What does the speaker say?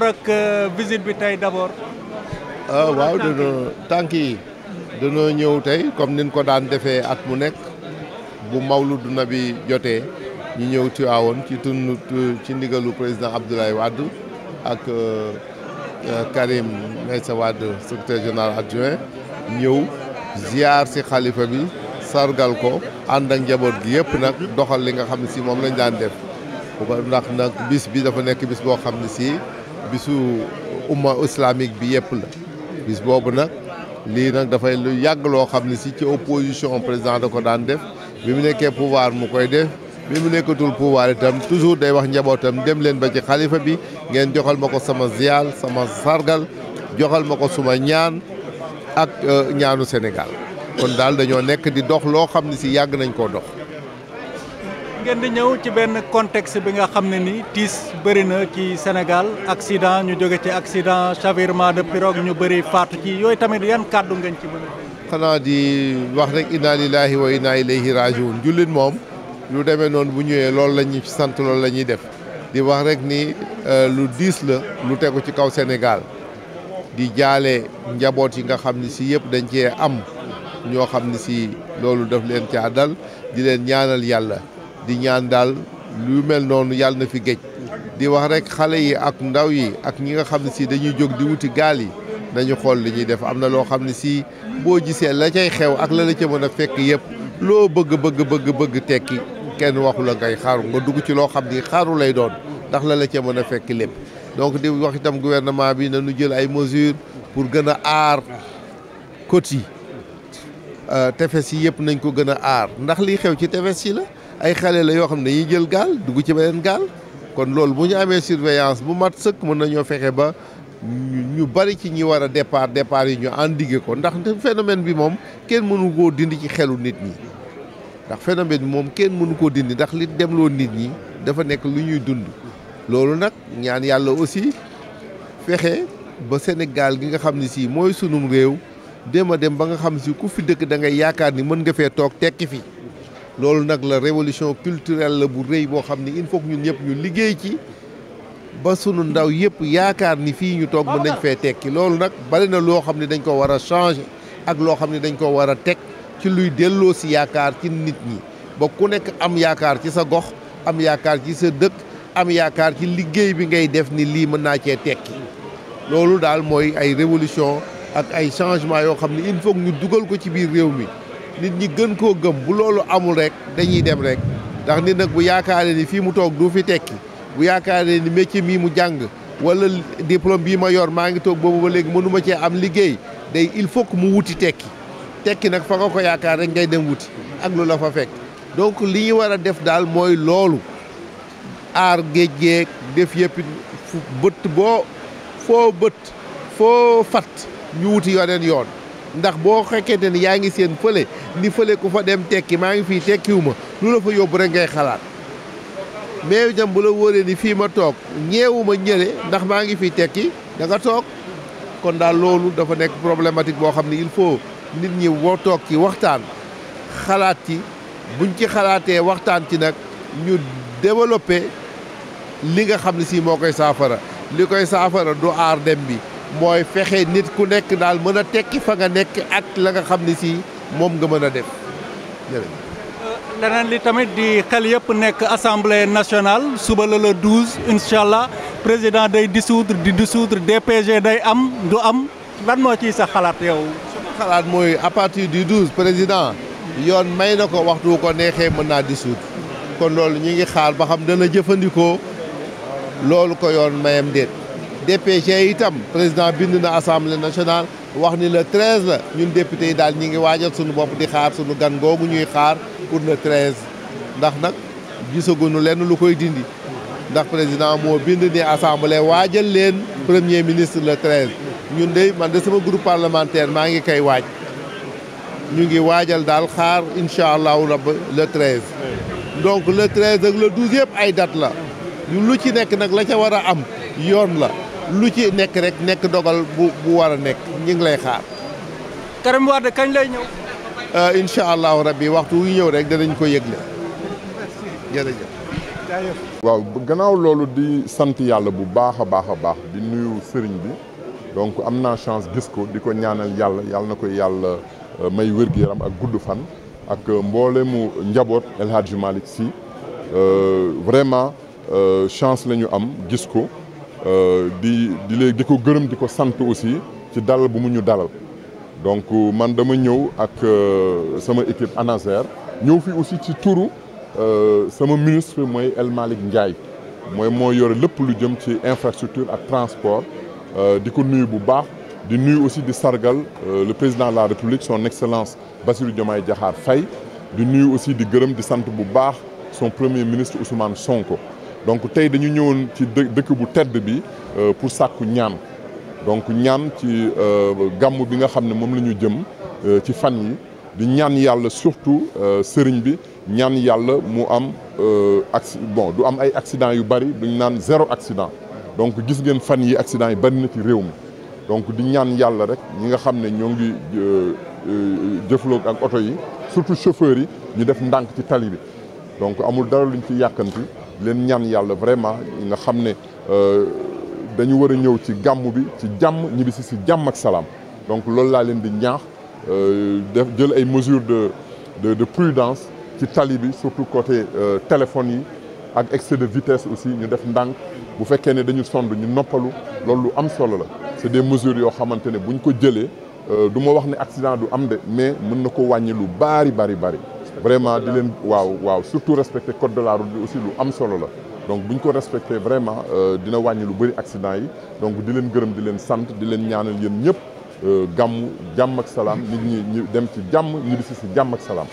rapport ak euh, visite bi tey ah, waaw dañoo tànk yi dañoo ñëw tey comme niñ ko daan defee at mu nekk bu mawlu mawludu nabi jotee ñu ñëw Tiwaawoon ci tund ci ndigalu président Abdoulaye Wade ak euh, euh, Karim Meïssa Wade secrétaire général adjoint ñëw ziar si xalifa bi sargal ko ànd ak njaboot gi yëpp nag doxal li nga xam ne si moom lañ daan def ndax nag bis bi dafa nekk bis boo xam ne si bisu umma islamique bi yëpp la bis boobu nag lii nag dafay lu yàgg loo xam ne si ci opposition président ko daan def bi mu nekkee pouvoir mu koy def bi mu nekkatul pouvoir itam toujours day wax njabootam dem leen ba ci xalifa bi ngeen joxal ma ko sama ziyaal sama sargal joxal ma ko suma ñaan ak euh, ñaanu Sénégal kon daal dañoo nekk di dox loo xam ne si yàgg nañ koo dox ngeen di ñëw ci benn contexte bi nga xam ne ni tiis bëri na ci Sénégal accident ñu jóge ci accident chavirement de ñu bëri faatu yooyu tamit yan kàddu ngeen ci mën a xanaa di wax rek inna lillahi wa inna ilayhi rajiun jullit moom lu demee noonu bu ñëwee loolu la ñu sant loolu la ñuy def di wax rek ni euh, lu diis la lu tegu ci kaw Sénégal di jaale njaboot yi nga xam ni si yëpp dañ cee am ñoo xam ni si loolu daf leen caa dal di leen ñaanal yàlla di ñaan daal lu mel noonu yàll na fi géej di wax rek xale yi ak ndaw yi ak ñi nga xam ne si dañuy jóg di wuti gaal yi nañu xool li ñuy def am na loo xam ne si boo gisee la cay xew ak la la ca mën a fekk yëpp loo bëgg bëgg bëgg tekki kenn waxu la ngay xaaru nga dugg ci loo xam ni xaaru lay doon ndax la la ca mën a fekk lépp donc di wax itam gouvernement bi nañu jël ay mesures pour gën a aar côte yi euh, tefes yi yëpp nañ ko gën a aar ndax liy xew ci tefes yi la ay xale la yoo xam ne dañuy jël gaal dugg ci beneen gaal kon loolu bu ñu amee surveillance bu mat sëkk mën nañoo fexe ba ñu bari ci ñi war a départ départ yi ñu endigué ko ndax phénomène bi moom kenn mënu koo dindi ci xelu nit ñi ndax phénomène bi moom kenn mënu koo dindi ndax li demloo nit ñi dafa nekk lu ñuy dund loolu nag ñaan yàlla aussi fexe ba Sénégal gi nga xam ne si mooy sunum réew dem a dem ba nga xam si ku fi dëkk da ngay yaakaar ni mën nga fee toog tekki fi loolu nag la révolution culturelle la bu rëy boo xam ni il faut ñu ñun ñëpp ñu liggéey ci ba sunu ndaw yëpp yaakaar ni fii ñu toog mën nañ fee tekki loolu nag bari na loo xam ne dañ ko war a changer ak loo xam ne dañ ko war a teg ci luy delloo si yaakaar ci nit ñi ba ku nekk am yaakaar ci sa gox am yaakaar ci sa dëkk am yaakaar ci liggéey bi ngay def ni lii mën naa cee tekki loolu daal mooy ay révolution ak ay changement yoo xam ne il faut ñu dugal ko ci biir réew mi nit ñi gën koo gëm bu loolu amul rek dañuy dem rek ndax nit nag bu yaakaaree ni fii mu toog du fi tekki bu yaakaaree ni métier mii mu jàng wala diplôme bii ma yor maa ngi toog boobu ba léegi mënuma ma cee am liggéey day il faut que mu wuti tekki tekki nag fa ko yaakaar rek ngay dem wuti ak lu la fa fekk donc li ñu war a def daal mooy loolu aar géej géej def yëpp bët boo foo bët foo fat ñu wuti yoneen yoon ndax boo fekkente ni yaa ngi seen fële ni fële ku fa dem tekki maa ngi fii tekkiwuma lu la fa yóbbu rek ngay xalaat mais itam bu la ni fii ma toog ñeewuma ñële ndax maa ngi fii tekki da nga toog kon daal loolu dafa nekk problématique boo xam ne il faut nit ñi boo toog ki waxtaan xalaat ci buñ ci xalaatee waxtaan ci nag ñu développé li nga xam ne si moo koy saafara li koy saafara du aar dem bi mooy fexe nit ku nekk daal mën a tekki fa nga nekk ak la nga xam ni si moom nga mën a def jërëjëf euh, leneen li tamit di xel yëpp nekk assemblée national suba la le 12 incha allah président day dissoudre di dissoudre DPG day am du am lan moo ciy sa xalaat yow. sama xalaat mooy à partir du 12 président yoon may na ko waxtu ko neexee mën naa dissoudre kon loolu ñu ngi xaar ba xam dana jëfandikoo loolu ko yoon mayam déet. DPG itam président bind na assemblée nationale wax ni la 13 la ñun député yi daal ñi ngi waajal suñu bopp di xaar suñu gan googu ñuy xaar pour le 13 ndax nag gisaguñu lenn lu koy dindi ndax président moo bind ni assemblée waajal leen premier ministre le 13 ñun de man de sama groupe parlementaire maa ngi koy waaj ñu ngi waajal daal xaar incha allahu ba le 13. donc le 13 ak le 12 yëpp ay date la ñu lu ci nekk nag la ca war a am yoon la. lu ci nekk rek nekk dogal bu bu war a nekk ñu lay xaar. Karim Wade kañ lay ñëw. Euh, incha allah rabbi waxtu wu ñëw rek danañ ko yëgle jërëjëf. waaw gannaaw loolu di sant yàlla bu baax a baax a baax di nuyu sëriñ bi donc am naa chance gis ko di ko ñaanal yàlla yàlla na ko yàlla euh, may wér yaram ak gudd fan ak euh, mboolemu njaboot El Hadji si Sy vraiment chance la am gis ko. Euh, di di léegi di ko gërëm di ko sant aussi ci dalal bu mu ñu dalal donc euh, man dama ñëw ak euh, sama équipe ANASER ñëw fi aussi ci turu sama ministre mooy El Malick Ndiaye mooy moo yore lépp lu jëm ci infrastructure ak transport di ko nuyu bu baax di nuyu aussi di sargal le président de la république son excellence Bassirou Diomaye Diakhar Faye di nuyu aussi di gërëm di sant bu baax son premier ministre Ousmane Sonko donc tey dañu ñëwoon ci dëkk bu tedd bi euh, pour sàkku ñaan donc ñaan ci euh, gàmm bi nga xam ne moom la ñu jëm euh, ci fan yi di ñaan yàlla surtout sëriñ bi ñaan yàlla mu am acci bon du am ay accident yu bari duñ naan zéro accident donc gis ngeen fan yi accident yi bari na ci réew mi donc di ñaan yàlla rek ñi nga xam ne ñoo ngi jëfloog ak oto yi surtout chauffeurs yi ñu def ndànk ci tali bi donc amul dara luñ ci yàkkanti leen ñaan yàlla vraiment nga xam ne euh, dañu war a ñëw ci gàmm bi ci jàmm ñibbisi si jàmm ak salaam donc loolu laa leen di ñaax euh, def jël ay mesures de de de prudence ci tali bi surtout côté euh, téléphone yi ak excès de vitesse aussi ñu def ndànk bu fekkee ne dañu sond ñu noppalu loolu lu am solo la c'est des mesures yoo xamante ne ñu ko jëlee du ma wax ne accident du am de mais mën na ko wàññi lu bari bari bari vraiment di leen waaw waaw surtout respecter code de la route bi aussi lu am solo la donc bu ñu ko respecter vraiment euh, dina wàññi lu bëri accident yi donc di leen gërëm di leen sant di leen ñaanal yéen ñëpp euh, gàmmu jàmm ak salaam nit ñi ñu dem ci jàmm ñibbisi si jàmm ak salaam